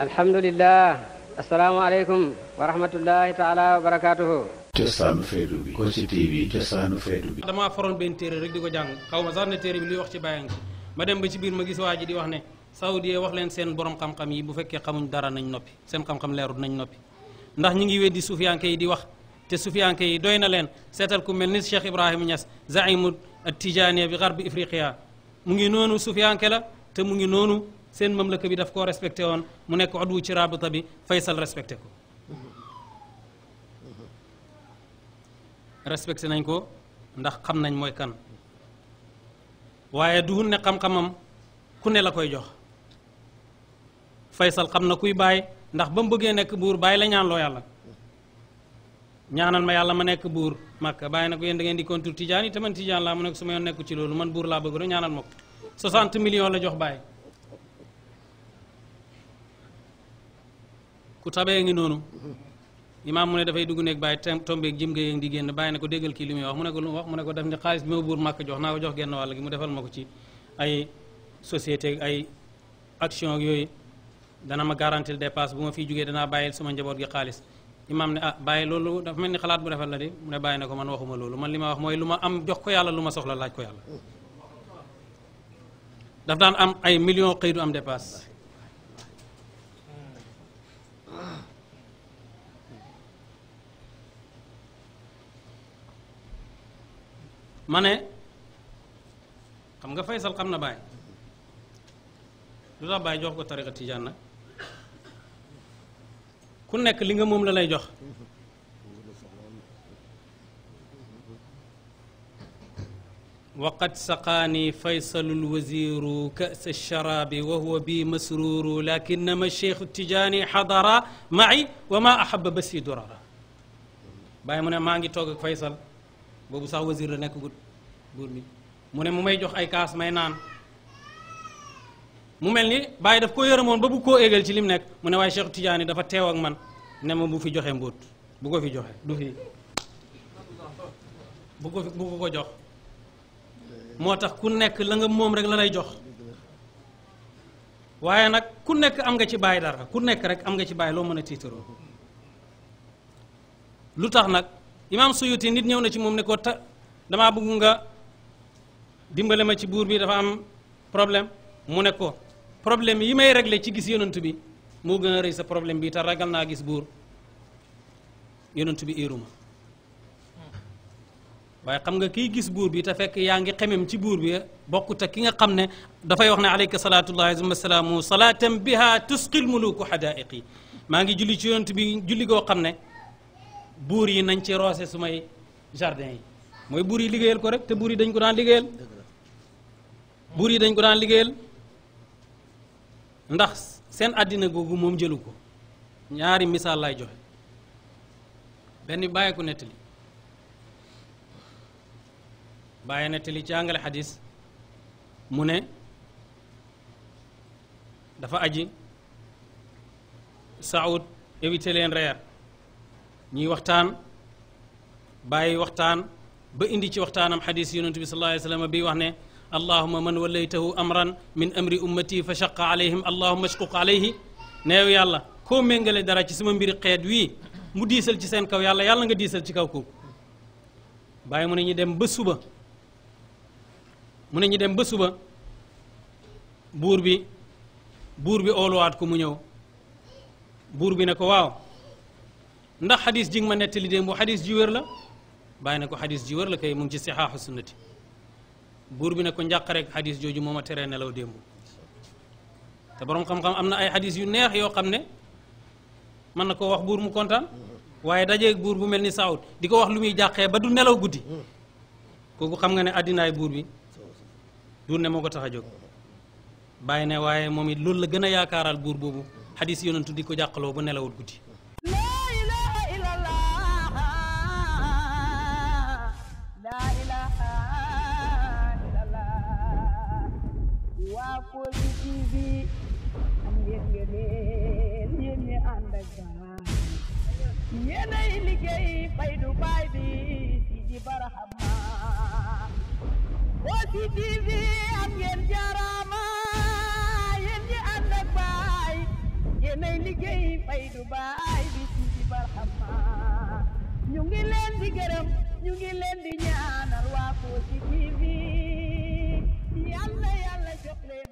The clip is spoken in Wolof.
الحمد لله السلام عليكم ورحمة الله تعالى وبركاته cosaanu feetu bi Kossy TV cosaanu feetu bi damaa foroon benn téere rek di ko jàng xaw ma sax ne téere bi luy wax ci bàyyi nga ma dem ba ci biir ma gis waa ji di wax ne saoudiye wax leen seen borom xam-xam yi bu fekkee xamuñ dara nañ noppi seen xam-xam leerul nañ noppi ndax ñi ngi weddi suufiyanke yi di wax te suufiyanke yi doy na leen seetal ku mel ni Cheikh Ibrahima Niass zaimu tijaaniya bi garbi ifriqiya mu ngi noonu suufiyanke la te mu ngi noonu seen mamlaka bi daf koo respecté woon mu nekk odwu ci rabita bi Faysal respecté ko respecté nañ ko ndax xam nañ mooy kan waaye duhul ne xam-xamam ku ne la koy jox Faysal xam na kuy bàyyi ndax ba mu bëggee nekk buur bàyyi la ñaan loo yàlla ñaanal ma yàlla ma nekk buur màkka bàyyi na ko yéen da ngeen di kontur tijaan yi te man tijaan laa mu nekk su ma yoon nekku ci loolu man buur laa bëgg rek ñaanal ma ko 60 millions la jox bàyyi ku tabee ngi noonu imaam mu ne dafay dugg nekk bàyyi tombeeg jim nga yëng di génn bàyyi ne ko déggal kii li muy wax mu ne ko wax mu ne ko def ni xaalis bi ma buur màkk jox naa jox genn wàll gi mu defal ko ci ay société ay action yooyu dana ma garantir dépasse bu ma fiy jógee danaa bàyyil sama njaboot gi xaalis imaam ne ah bàyyi loolu dafa mel ni xalaat bu defal la de mu ne bàyyi ne ko man waxuma loolu man li ma wax mooy lu ma am jox ko yàlla lu ma soxla laaj ko yàlla daf daan am ay million xëy am dépasse ma ne xam nga Faysal xam na baay lu tax Baye jox ko tariqa tijaan nag ku nekk li nga moom la lay jox وقد سقاني فيصل الوزير كأس الشراب وهو بي مسرور لكنما الشيخ التجاني حضر معي وما أحب بسي درارا باي منا ما عندي توقف فيصل بابو صاح وزير لنك بورني من ما يجوخ أي كاس مينان مملني باي دف كو يرمون بابو كو إيغل جلم نك من واي شيخ التجاني دفا تيوغ من نما بو في جوخي مبوت بو في جوخي دو في بو جوخ moo tax ku nekk la nga moom rek la lay jox waaye nag ku nekk am nga ci bàyyi dara ku nekk rek am nga ci bàyyi loo mën a tiitaroo lu tax nag imaam Suyuti nit ñëw na ci moom ne ko ta damaa bëgg nga dimbale ma ci buur bi dafa am problème mu ne ko problème yi may réglé ci gis yonent bi moo gën a rëy sa problème bi te ragal naa gis buur yonent bi iiruma waye xam nga kiy gis buur bi te fekk yaa ngi xemem ci buur bi bokkut ak ki nga xam ne dafay wax ne alayka salaatullahi wa salaamu salaatan biha tusqil muluku xadaaiqi maa ngi julli ci yonent bi julli goo xam ne buur yi nañ ci roose sumay jardin yi mooy buur yi liggéeyal ko rek te buur yi dañ ko daan liggéeyal buur yi dañ ko daan liggéeyal ndax seen àddina googu moom jëlu ko ñaari misaal lay joxe benn bàyyi ko nettali bàyyi na te li ci àngale xadis mu ne dafa aji saawut éviter leen reer ñuy waxtaan bàyyi waxtaan ba indi ci waxtaanam xadis yonentu bi sallallahu alayhi wa bi wax ne allahuma man wallaytahu amran min amri ummati fa shaqa alayhim allahuma shquq alayhi neew yàlla koo méngale dara ci sama mbiri xeet wii mu diisal ci seen kaw yàlla nga diisal ci kaw kooku bàyyi mu ne ñu dem ba mu ne ñu dem ba suba buur bi buur bi ooluwaat ko mu ñëw buur bi ne ko waaw ndax xadis ji nga ma nettali démb bu xadis wér la bàyyi na ko xadis ji wér la kay mu ngi ci sixaaxu sunnati buur bi ne ko njàq rek xadis jooju moom ma teree nelaw démb te borom xam-xam am na ay xadis yu neex yoo xam ne mën na koo wax buur mu kontaan waaye dajeeg buur bu mel ni saawut di ko wax lu muy jàqee ba du nelaw guddi kooku xam nga ne addinaay buur bi journée moo ko tax a jóg bàyyi ne waaye moom it loolu la gën a yaakaaral buur boobu xadis yonantu di ko jàqaloo ba nelawul guddi yéenay liggéey fay baay bi ci ji baraxam Kossy TV am ngeen jarama yéen ñi ànd baay yéenay liggéey fay du baay bi ci barxama ñu ngi leen gërëm ñu ngi leen di ñaanal waa Kossy TV yàlla yàlla jox leen